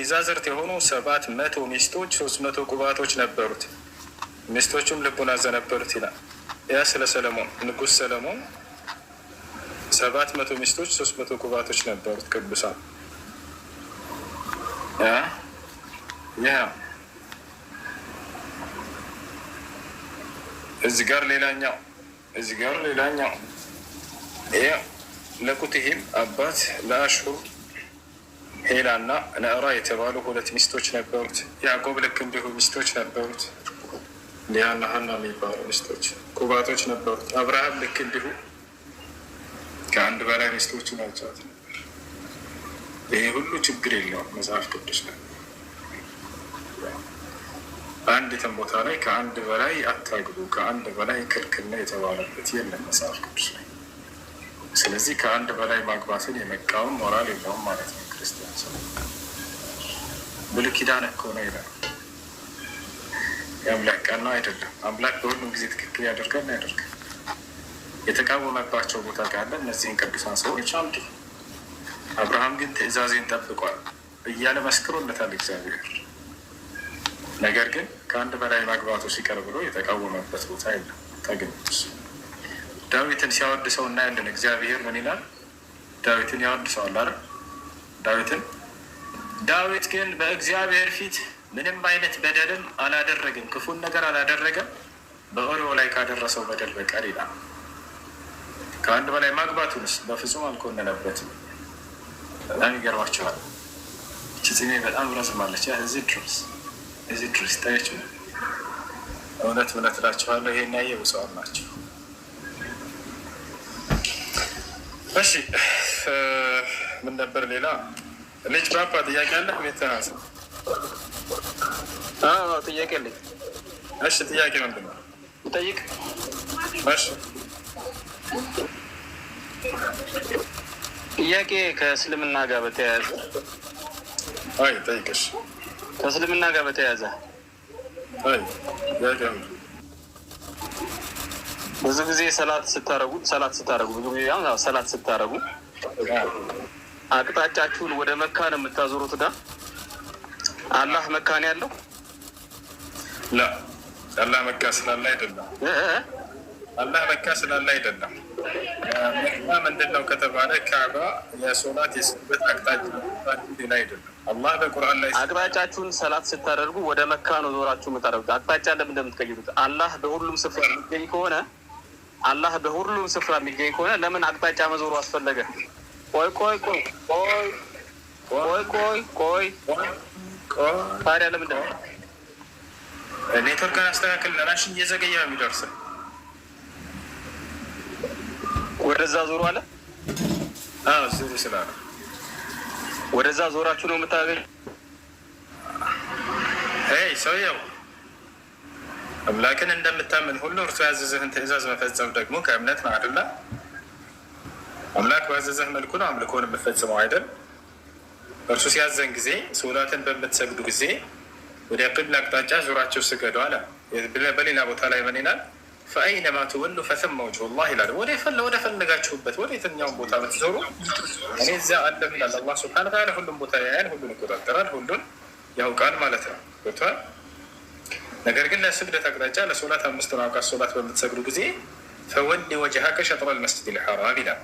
ይዛዝርት የሆኑ ሰባት መቶ ሚስቶች ሶስት መቶ ቁባቶች ነበሩት፣ ሚስቶቹም ልቡን ዘ ነበሩት ይላል። ያ ስለ ሰለሞን ንጉስ ሰለሞን ሰባት መቶ ሚስቶች ሶስት መቶ ቁባቶች ነበሩት ቅዱሳን ያ እዚህ ጋር ሌላኛው እዚህ ጋር ሌላኛው ለቁትሂም አባት ለአሹር ሄላና ነዕራ የተባሉ ሁለት ሚስቶች ነበሩት። ያዕቆብ ልክ እንዲሁ ሚስቶች ነበሩት። ሊያና ሀና የሚባሉ ሚስቶች ቁባቶች ነበሩት። አብርሃም ልክ እንዲሁ ከአንድ በላይ ሚስቶቹን አጫት ነበር። ይሄ ሁሉ ችግር የለውም መጽሐፍ ቅዱስ ላይ አንዲትም ቦታ ላይ ከአንድ በላይ አታግቡ፣ ከአንድ በላይ ክልክልና የተባለበት የለም መጽሐፍ ቅዱስ ላይ። ስለዚህ ከአንድ በላይ ማግባትን የመቃወም ሞራል የለውም ማለት ነው። ክርስቲያን ሰው ብሉይ ኪዳን ይላል። የአምላክ ቃል ነው አይደለም። አምላክ በሁሉም ጊዜ ትክክል ያደርጋል ነው ያደርጋል። የተቃወመባቸው ቦታ ካለ እነዚህን ቅዱሳን ሰዎች አንዱ አብርሃም ግን ትእዛዜን ጠብቋል እያለ መስክሮለታል እግዚአብሔር። ነገር ግን ከአንድ በላይ ማግባቱ ሲቀር ብሎ የተቃወመበት ቦታ የለም ተገኝቶ ዳዊትን ሲያወድሰው እናያለን። እግዚአብሔር ምን ይላል? ዳዊትን ያወድሰዋል አይደል? ዳዊትን ዳዊት ግን በእግዚአብሔር ፊት ምንም አይነት በደልን አላደረግም፣ ክፉን ነገር አላደረገም፣ በኦሪዮ ላይ ካደረሰው በደል በቀር ይላል። ከአንድ በላይ ማግባቱንስ በፍጹም አልኮነነበትም። በጣም ይገርማችኋል። ችጽሜ በጣም ረዝማለች። እዚህ ድረስ እዚህ ድረስ ጠየች። እውነት እውነት እላችኋለሁ ይሄን ያየ ብፁዓን ናቸው። እሺ ምን ነበር ሌላ ልጅ ባባ ጥያቄ አለ ሁኔታ ጥያቄ አለ። እሺ ጥያቄ ምንድን ነው? ጠይቅ። እሺ ጥያቄ ከእስልምና ጋር በተያያዘ አይ ጠይቅሽ። ከእስልምና ጋር በተያያዘ አይ ጥያቄ ምንድን ብዙ ጊዜ ሰላት ስታረጉ ሰላት ስታረጉ ብዙ ጊዜ ሰላት ስታረጉ አቅጣጫችሁን ወደ መካ ነው የምታዞሩት ጋር አላህ መካ ነው ያለው? ላ አላህ መካ ስላለ አይደለም። አላህ መካ ስላለ አይደለም። መካ ምንድን ነው ከተባለ ካዕባ የሶላት የስበት አቅጣጫ ሌላ አይደለም። አላህ በቁርአን ላይ አቅጣጫችሁን ሰላት ስታደርጉ ወደ መካ ነው ዞራችሁ የምታደርጉት። አቅጣጫ ለምን እንደምትቀይሩት አላህ በሁሉም ስፍራ የሚገኝ ከሆነ አላህ በሁሉም ስፍራ የሚገኝ ከሆነ ለምን አቅጣጫ መዞሩ አስፈለገ? ቆይ ቆይ ቆይ ቆይ ቆይ ቆይ ቆይ ታዲያ ለምንድን ነው ኔትወርክ አስተካክል? ለራሽን እየዘገየ ነው የሚደርስህ። ወደዛ ዞሩ አለ። አዎ ዞሩ ስላለ ወደዛ ዞራችሁ ነው የምታገኝ። ይ ሰውየው አምላክን እንደምታምን ሁሉ እርሱ ያዘዘህን ትእዛዝ መፈጸም ደግሞ ከእምነት ነው አይደለ? አምላክ ባዘዘህ መልኩ ነው አምልኮን የምፈጽመው አይደል? እርሱ ሲያዘን ጊዜ ሶላትን በምትሰግዱ ጊዜ ወደ ቅብላ አቅጣጫ ዙራቸው ስገዱ አለ። በሌላ ቦታ ላይ ምን ይላል? ፈአይነማ ትወሉ ፈሰመ ወጅሁላህ ይላል። ወደ ፈለጋችሁበት ወደ የትኛውን ቦታ ብትዞሩ እኔ እዚያ አለ ብላል። አላህ ሱብሓነሁ ወተዓላ ሁሉም ቦታ ያያል፣ ሁሉን ይቆጣጠራል፣ ሁሉን ያውቃል ማለት ነው። ገብቷል። ነገር ግን ለስግደት አቅጣጫ ለሶላት አምስቱን አውቃት ሶላት በምትሰግዱ ጊዜ ፈወሊ ወጅሃከ ሸጥረል መስጂዲል ልሐራም ይላል።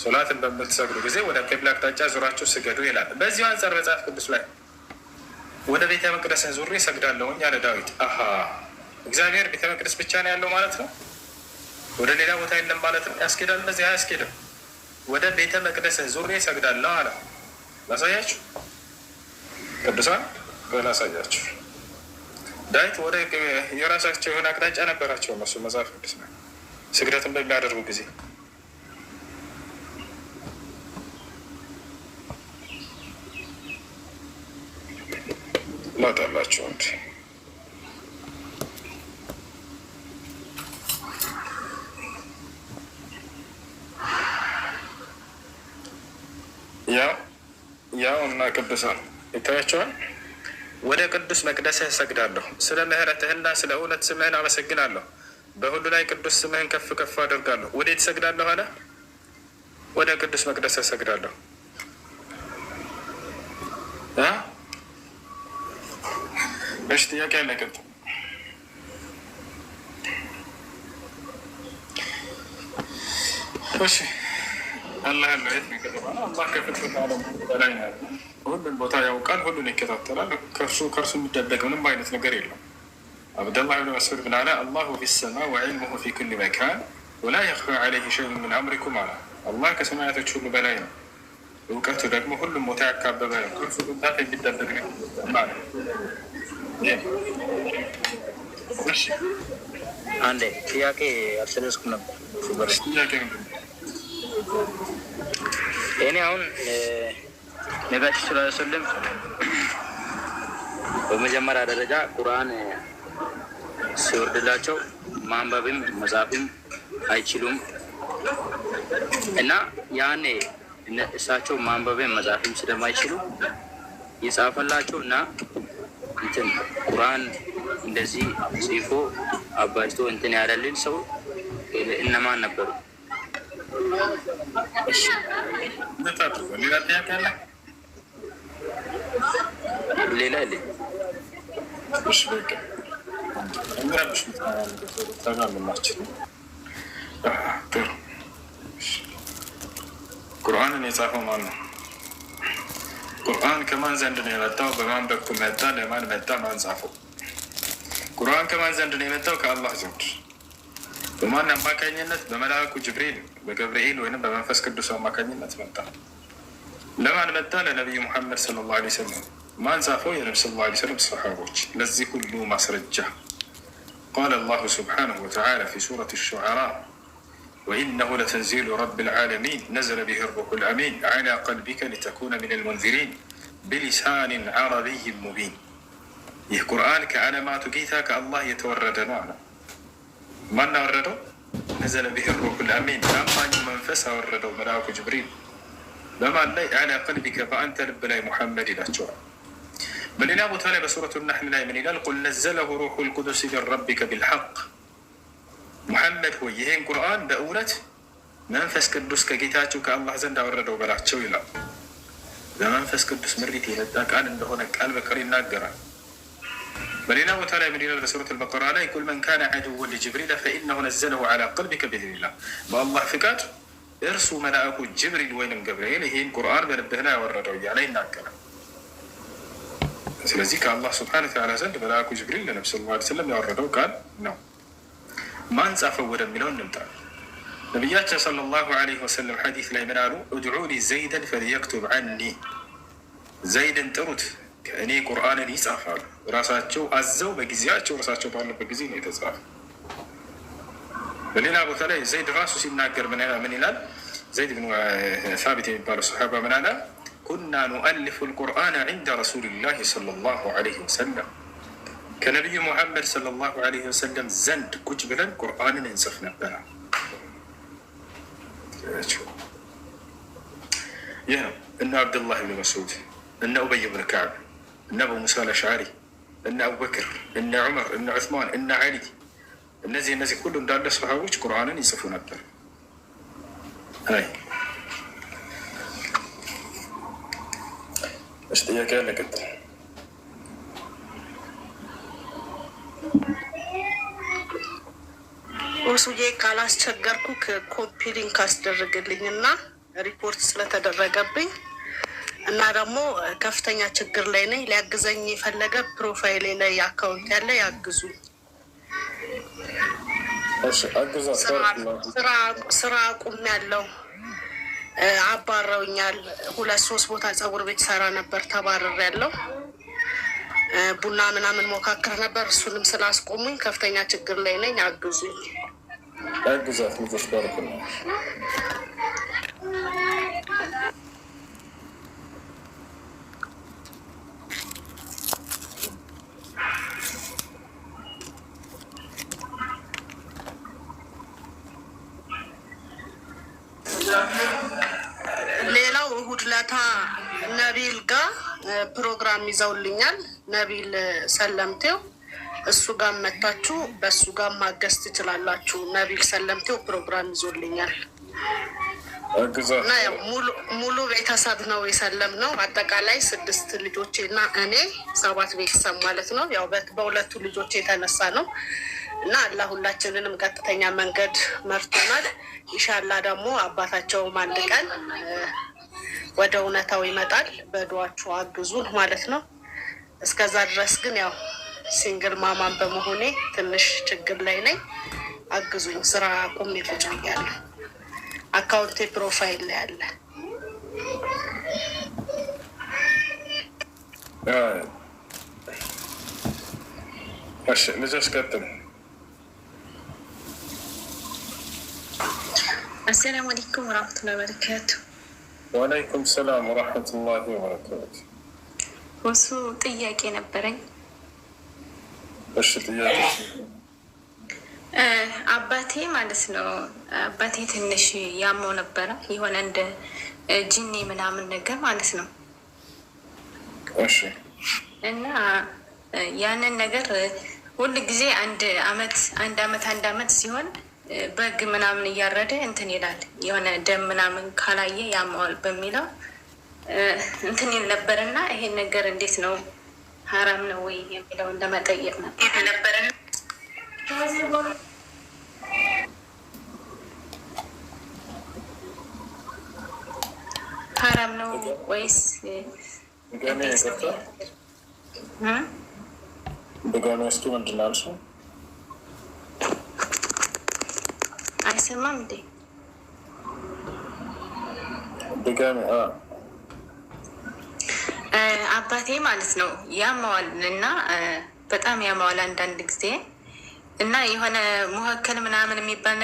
ሶላትን በምትሰግዱ ጊዜ ወደ ቂብላ አቅጣጫ ዙራችሁ ስገዱ ይላል። በዚሁ አንጻር መጽሐፍ ቅዱስ ላይ ወደ ቤተ መቅደስን ዙሬ እሰግዳለሁኝ ያለ ዳዊት አሀ እግዚአብሔር ቤተ መቅደስ ብቻ ነው ያለው ማለት ነው። ወደ ሌላ ቦታ የለም ማለት ነው። ያስኬዳል። እነዚህ አያስኬድም። ወደ ቤተ መቅደስን ዙሬ እሰግዳለሁ አለ። ላሳያችሁ፣ ቅዱሳን በላሳያችሁ ዳዊት ወደ የራሳቸው የሆነ አቅጣጫ ነበራቸው እነሱ መጽሐፍ ቅዱስ ነው ስግደትን በሚያደርጉ ጊዜ ላጣላቸው እንዲ ያው እና ቅዱሳን ይታያቸዋል። ወደ ቅዱስ መቅደስህ እሰግዳለሁ። ስለ ምሕረትህና ስለ እውነት ስምህን አመሰግናለሁ። በሁሉ ላይ ቅዱስ ስምህን ከፍ ከፍ አደርጋለሁ። ወዴት እሰግዳለሁ አለ? ወደ ቅዱስ መቅደስህ እሰግዳለሁ። باش تياك انا كنت واش الله يعلمك الله كيفك في العالم كل البطايا وكان كل اللي كتبتها كرسو كرسو متدبك من باينه نقري عبد الله بن مسعود بن علاء الله في السماء وعلمه في كل مكان ولا يخفى عليه شيء من امركم على الله كسمعت تشوف بلايا وكتب دقمه كل متعكب ببلايا كرسو كنت داخل متدبك አንዴ ጥያቄ አልተደረስኩም ነበር። እኔ አሁን ነቢያችን ስላ ስለም በመጀመሪያ ደረጃ ቁርአን ሲወርድላቸው ማንበብም መጻፍም አይችሉም እና ያኔ እሳቸው ማንበብም መጻፍም ስለማይችሉ የጻፈላቸው እና እንትን ቁርአን እንደዚህ ጽፎ አባጅቶ እንትን ያለልን ሰው እነማን ነበሩ? ሌላ ቁርአንን የጻፈው ማን ነው? ቁርአን ከማን ዘንድ ነው የመጣው? በማን በኩል መጣ? ለማን መጣ? ማን ጻፈው? ቁርአን ከማን ዘንድ ነው የመጣው? ከአላህ ዘንድ። በማን አማካኝነት? በመላእኩ ጅብሪል፣ በገብርኤል ወይም በመንፈስ ቅዱስ አማካኝነት መጣ። ለማን መጣ? ለነቢዩ ሙሐመድ ሰለላሁ ዐለይሂ ወሰለም። ማን ጻፈው? የነቢ ሰለላሁ ዐለይሂ ወሰለም ሰሃቦች። ለዚህ ሁሉ ማስረጃ ቃለ አላሁ ስብሓነሁ ወተዓላ ፊ ሱረት ሹዓራ وإنه لتنزيل رب العالمين نزل به الروح الأمين على قلبك لتكون من المنذرين بلسان عربي مبين يه قرآن كأنا ما الله يتوردنا معنا من نورده نزل به الروح الأمين أما منفسه ورده ملاك جبريل لما على قلبك فأنت رب لي محمد لا بل إلى بسورة النحل لا من إلى قل نزله روح القدس من ربك بالحق መሐመድ ሆይ ይህን ቁርአን በእውነት መንፈስ ቅዱስ ከጌታችሁ ከአላህ ዘንድ አወረደው በላቸው ይላል። በመንፈስ ቅዱስ ምሪት የመጣ ቃል እንደሆነ ቃል በቀር ይናገራል። በሌላ ቦታ ላይ ምን ይላል? ሱረት አልበቀራ ላይ ቁል መን ካነ ዐዱወን ሊጅብሪል ፈኢነሁ ነዘለሁ ዐላ ቀልቢከ ብኢዝኒላህ በአላህ ፍቃድ እርሱ መልአኩ ጅብሪል ወይንም ገብርኤል ይህን ቁርአን በልብህ ላይ ያወረደው እያለ ይናገራል። ስለዚህ ከአላህ ስብሐነ ወተዓላ ዘንድ መልአኩ ጅብሪል ለነብዩ ሰለላሁ ዐለይሂ ወሰለም ያወረደው ቃል ነው። ማን ጻፈው ወደሚለው እንምጣ። ነቢያችን ሰለላሁ ዐለይሂ ወሰለም ሐዲስ ላይ ምን አሉ? እድዑኒ ዘይደን ፈልየክቱብ ዐኒ፣ ዘይድን ጥሩት ከእኔ ቁርአንን ይጻፋሉ። ራሳቸው አዘው በጊዜያቸው እራሳቸው ባለበት ጊዜ ነው የተጻፈ። በሌላ ቦታ ላይ ዘይድ ራሱ ሲናገር ምን ይላል? ዘይድ ብን ሳቢት የሚባለው ሰሓባ ምን አለ? ኩና ኑአልፉ ልቁርአን ዐንደ ረሱሊላሂ ሰለላሁ ዐለይሂ ወሰለም ከነቢዩ ሙሐመድ ሰለላሁ ዓለይሂ ወሰለም ዘንድ ቁጭ ብለን ቁርአንን እንጽፍ ነበረ። ይህ ነው እነ አብዱላህ ብን መስዑድ፣ እነ ኡበይ ብን ከዕብ፣ እነ አቡ ሙሳ አልአሽዓሪ፣ እነ አቡበክር፣ እነ ዑመር፣ እነ ዑስማን፣ እነ ዓሊ እነዚህ እነዚህ ሁሉ እንዳለ ሰሃቦች ቁርአንን ይጽፉ ነበር። አይ እሺ ጥያቄ ያለ ቀጥል እሱዬ ካላስቸገርኩ ኮፒ ሊንክ አስደርግልኝ እና ሪፖርት ስለተደረገብኝ እና ደግሞ ከፍተኛ ችግር ላይ ነኝ። ሊያግዘኝ የፈለገ ፕሮፋይሌ ላይ አካውንት ያለ ያግዙ። ስራ አቁም ያለው አባረውኛል። ሁለት ሶስት ቦታ ጸጉር ቤት ሰራ ነበር ተባረር ያለው ቡና ምናምን ሞካከር ነበር። እሱንም ስላስቆሙኝ ከፍተኛ ችግር ላይ ነኝ። አግዙኝ። አግዛት ልጆች ባርክ ነው። ሌላው እሁድ ለታ ነቢል ጋር ፕሮግራም ይዘውልኛል ነቢል ሰለምቴው እሱ ጋር መታችሁ በእሱ ጋር ማገዝ ትችላላችሁ። ነቢል ሰለምቴው ፕሮግራም ይዞልኛል እና ሙሉ ቤተሰብ ነው የሰለም ነው። አጠቃላይ ስድስት ልጆቼ እና እኔ ሰባት ቤተሰብ ማለት ነው። ያው በሁለቱ ልጆች የተነሳ ነው እና አላ ሁላችንንም ቀጥተኛ መንገድ መርቶናል። ይሻላ ደግሞ አባታቸውም አንድ ቀን ወደ እውነታው ይመጣል። በዱዋችሁ አግዙን ማለት ነው። እስከዛ ድረስ ግን ያው ሲንግል ማማን በመሆኔ ትንሽ ችግር ላይ ነኝ። አግዙኝ። ስራ ቁም ቁጭ ብያለሁ። አካውንቴ ፕሮፋይል ላይ አለ። ልጅ አስቀጥል። አሰላሙ አለይኩም ወራህመቱላ በረካቱ። ወአለይኩም ሰላም ወራህመቱላ ወበረካቱ። እሱ ጥያቄ ነበረኝ እሺ ጥያቄ አባቴ ማለት ነው። አባቴ ትንሽ ያመው ነበረ የሆነ እንደ ጅኒ ምናምን ነገር ማለት ነው። እሺ እና ያንን ነገር ሁል ጊዜ አንድ አመት አንድ አመት አንድ አመት ሲሆን በግ ምናምን እያረደ እንትን ይላል የሆነ ደም ምናምን ካላየ ያመዋል በሚለው እንትን ይል ነበር እና ይሄን ነገር እንዴት ነው ሀራም ነው ወይ የሚለውን ለመጠየቅ ነው ሀራም ነው ወይስ ድጋሚ ምንድን ነው ያልሽው? አይሰማም እንዴ? ድጋሚ አባቴ ማለት ነው ያማዋል እና በጣም ያማዋል አንዳንድ ጊዜ እና የሆነ መካከል ምናምን የሚባል